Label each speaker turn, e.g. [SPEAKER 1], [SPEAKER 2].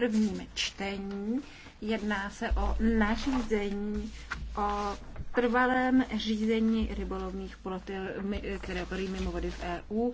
[SPEAKER 1] prvním čtení. Jedná se o nařízení o trvalém řízení rybolovných plotil, které operují mimo vody v
[SPEAKER 2] EU.